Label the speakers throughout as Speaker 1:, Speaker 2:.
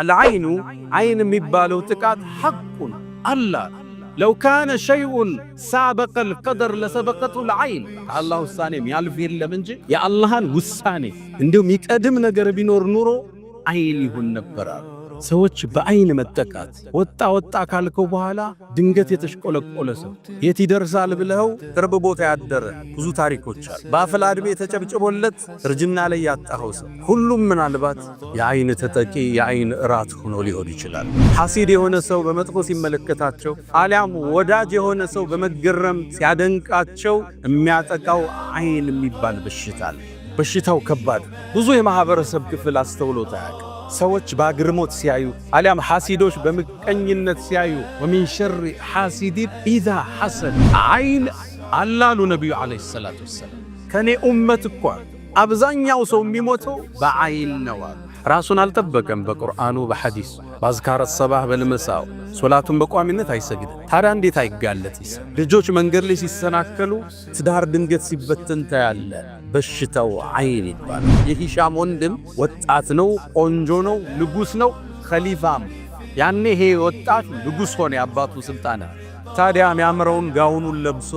Speaker 1: አልዓይኑ አይን የሚባለው ጥቃት ሐቁን አላ ለው ካነ ሸይኡን ሳበቀል ቀደር ለሰበቀቱል ዓይን ከአላህ ውሳኔም ያልፍ የለም እንጂ የአላህን ውሳኔ እንዲሁም ይቀድም ነገር ቢኖር ኑሮ አይን ይሁን ነበራል። ሰዎች በአይን መጠቃት። ወጣ ወጣ ካልከው በኋላ ድንገት የተሽቆለቆለ ሰው የት ይደርሳል ብለው ቅርብ ቦታ ያደረ ብዙ ታሪኮች አሉ። በአፍላ ዕድሜ የተጨብጭቦለት እርጅና ላይ ያጣኸው ሰው ሁሉም ምናልባት የአይን ተጠቂ የአይን እራት ሆኖ ሊሆን ይችላል። ሐሲድ የሆነ ሰው በመጥፎ ሲመለከታቸው አሊያም ወዳጅ የሆነ ሰው በመገረም ሲያደንቃቸው የሚያጠቃው አይን የሚባል በሽታ አለ። በሽታው ከባድ ብዙ የማኅበረሰብ ክፍል አስተውሎት አያውቅም። ሰዎች በአግርሞት ሲያዩ አሊያም ሐሲዶች በምቀኝነት ሲያዩ ወሚን ሸር ሐሲዲን ኢዛ ሐሰድ አይን አላሉ ነቢዩ ዓለይሂ ሰላቱ ወሰላም። ከእኔ ኡመት እኳ አብዛኛው ሰው የሚሞተው በአይን ነዋል። ራሱን አልጠበቀም። በቁርአኑ በሐዲሱ በአዝካረ ሰባህ በልመሳው ሶላቱን በቋሚነት አይሰግድም። ታዲያ እንዴት አይጋለጥ? ልጆች መንገድ ላይ ሲሰናከሉ፣ ትዳር ድንገት ሲበተን ታያለ በሽታው አይን ይባላል። የሂሻም ወንድም ወጣት ነው፣ ቆንጆ ነው፣ ንጉሥ ነው፣ ኸሊፋም ያኔ ይሄ ወጣት ንጉሥ ሆነ የአባቱ ሥልጣነ። ታዲያ የሚያምረውን ጋውኑን ለብሶ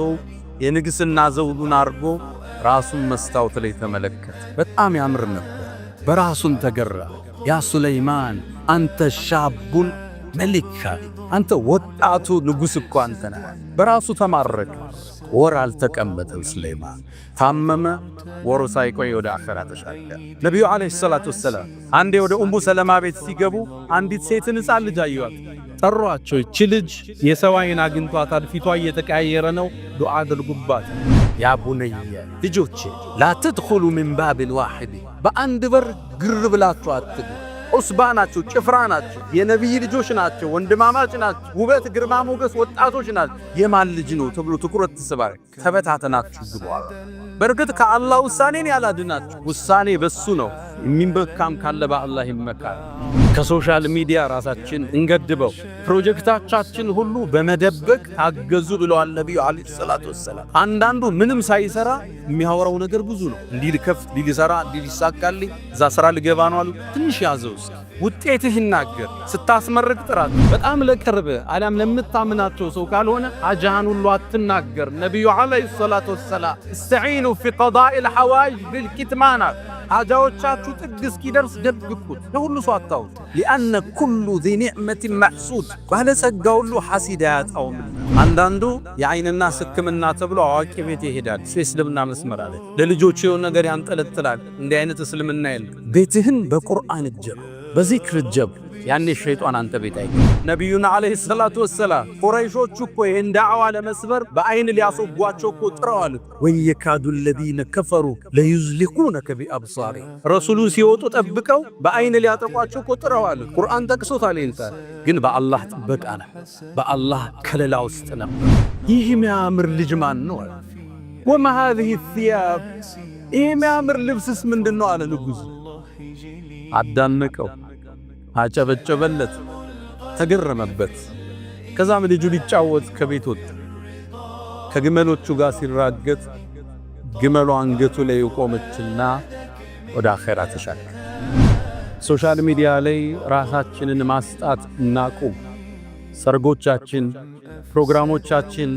Speaker 1: የንግሥና ዘውዱን አድርጎ ራሱን መስታወት ላይ ተመለከተ። በጣም ያምር ነበር። በራሱን ተገራ። ያ ሱለይማን አንተ ሻቡን መልካ አንተ ወጣቱ ንጉሥ እኮ አንተ ነህ። በራሱ ተማረከ። ወር አልተቀመጠም ስሌማን ታመመ። ወሩ ሳይቆይ ወደ አኸራ ተሻገረ። ነቢዩ ዓለይሂ ሰላቱ ወሰላም አንዴ ወደ ኡሙ ሰለማ ቤት ሲገቡ አንዲት ሴትን ሕፃን ልጅ አዩዋት። ጠሯቸው። እቺ ልጅ የሰው ዓይን አግኝቷታል፣ ፊቷ እየተቀያየረ ነው፣ ዱዓ አድርጉባት። ያ ቡነየ ልጆቼ ላትድኹሉ ምን ባብን ዋሕድ በአንድ በር ግር ብላችሁ አትግቡ ዑስባ ናቸው፣ ጭፍራ ናቸው፣ የነቢይ ልጆች ናቸው፣ ወንድማማች ናቸው፣ ውበት፣ ግርማ ሞገስ ወጣቶች ናቸው። የማን ልጅ ነው ተብሎ ትኩረት ትስባል። ተበታተናችሁ ብሏል። በእርግጥ ከአላህ ውሳኔን ያላድናችሁ ውሳኔ በሱ ነው። የሚመካም ካለ በአላህ ይመካል። ከሶሻል ሚዲያ ራሳችን እንገድበው። ፕሮጀክታቻችን ሁሉ በመደበቅ ታገዙ ብለዋል ነቢዩ ዓለይሂ ሰላቱ ወሰላም። አንዳንዱ ምንም ሳይሰራ የሚያወራው ነገር ብዙ ነው። እንዲህ ልከፍት፣ እንዲህ ልሰራ፣ እንዲህ ሊሳካልኝ፣ እዛ ስራ ልገባ ነው አሉ። ትንሽ ያዘው ውጤትህ ይናገር። ስታስመርቅ ጥራት በጣም ለቅርብ አሊያም ለምታምናቸው ሰው ካልሆነ አጃሃን ሁሉ አትናገር። ነቢዩ ዓለይሂ ሰላቱ ወሰላም እስተዒኑ ፊ ቀዳኢል ሐዋኢጅ ቢልኪትማናት አጃዎቻችሁ ጥግ እስኪደርስ ደግኩት፣ ለሁሉ ሰው አታውት። ሊአነ ኩሉ ዚ ኒዕመትን ማዕሱድ፣ ባለጸጋ ሁሉ ሐሲድ አያጣውም። አንዳንዱ የአይንና ሕክምና ተብሎ አዋቂ ቤት ይሄዳል። እሱ የእስልምና መስመር አለ። ለልጆቹ የሆነ ነገር ያንጠለጥላል። እንዲህ አይነት እስልምና የለም። ቤትህን በቁርአን እጀመ በዚክር ጀብ ያኔ ሸይጣን አንተ ቤት አይ ነቢዩና አለይሂ ሰላቱ ወሰላም ቁረይሾቹ እኮ ይህን ዳዕዋ ለመስበር በአይን ሊያስወጓቸው እኮ ጥረዋል። ወየካዱ ለዚነ ከፈሩ ለዩዝሊቁነከ ቢአብሳሪ ረሱሉን ሲወጡ ጠብቀው በአይን ሊያጠቋቸው እኮ ጥረዋል። ቁርአን ጠቅሶታል። ይንሳል ግን በአላህ ጥበቃ ነው፣ በአላህ ከለላ ውስጥ ነው። ይህ ሚያምር ልጅ ማን ነው አለ። ወማ ሃዚህ ሲያብ ይህ ሚያምር ልብስስ ምንድን ነው አለ ንጉሡ አዳነቀው። አጨበጨበለት፣ ተገረመበት። ከዛም ልጁ ሊጫወት ከቤት ወጣ። ከግመሎቹ ጋር ሲራገጥ ግመሉ አንገቱ ላይ ቆመችና ወደ አኼራ ተሻገረ። ሶሻል ሚዲያ ላይ ራሳችንን ማስጣት እናቁም። ሰርጎቻችን፣ ፕሮግራሞቻችን፣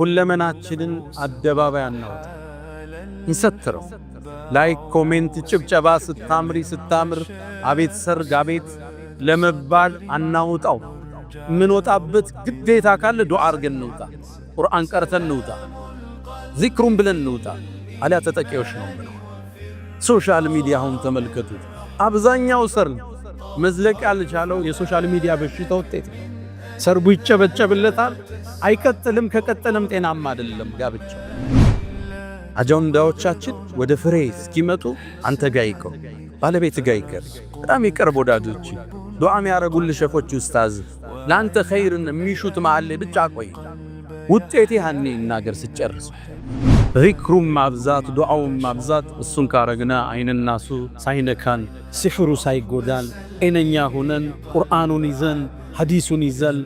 Speaker 1: ሁለመናችንን አደባባይ አናወጣ፣ እንሰትረው። ላይክ፣ ኮሜንት፣ ጭብጨባ ስታምሪ ስታምር አቤት ሰርግ አቤት ለመባል አናውጣው። የምንወጣበት ግዴታ ካለ ዱዓ አርገን እንውጣ፣ ቁርአን ቀርተን እንውጣ፣ ዚክሩን ብለን እንውጣ። አሊያ ተጠቂዎች ነው። ሶሻል ሚዲያውን ተመልከቱት። አብዛኛው ሰርግ መዝለቅ ያልቻለው የሶሻል ሚዲያ በሽታ ውጤት። ሰርጉ ይጨበጨብለታል፣ አይቀጥልም። ከቀጠለም ጤናማ አይደለም ጋብቻው። አጀንዳዎቻችን ወደ ፍሬ እስኪመጡ አንተ ጋይቀው ባለቤት ጋይቀር በጣም ይቀርብ ወዳጆች ዱዓም ያረጉልህ ሸፎች ኡስታዝ ለአንተ ኸይርን የሚሹት መዓል ብቻ ቆይ ውጤት ያኔ እናገር ስጨርስ ዚክሩም ማብዛት ዱዓውም ማብዛት እሱን ካረግና አይንናሱ ሳይነካን ሲሕሩ ሳይጎዳን ጤነኛ ሁነን ቁርአኑን ይዘን ሐዲሱን ይዘን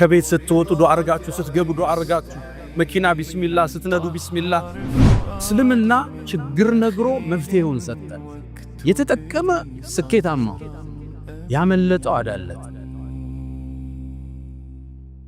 Speaker 1: ከቤት ስትወጡ ዱዓ አርጋችሁ ስትገቡ ዱዓ አርጋችሁ መኪና ቢስሚላህ ስትነዱ ቢስሚላህ እስልምና ችግር ነግሮ መፍትሄውን ሰጠ። የተጠቀመ ስኬታማ፣ ያመለጠው አዳለት።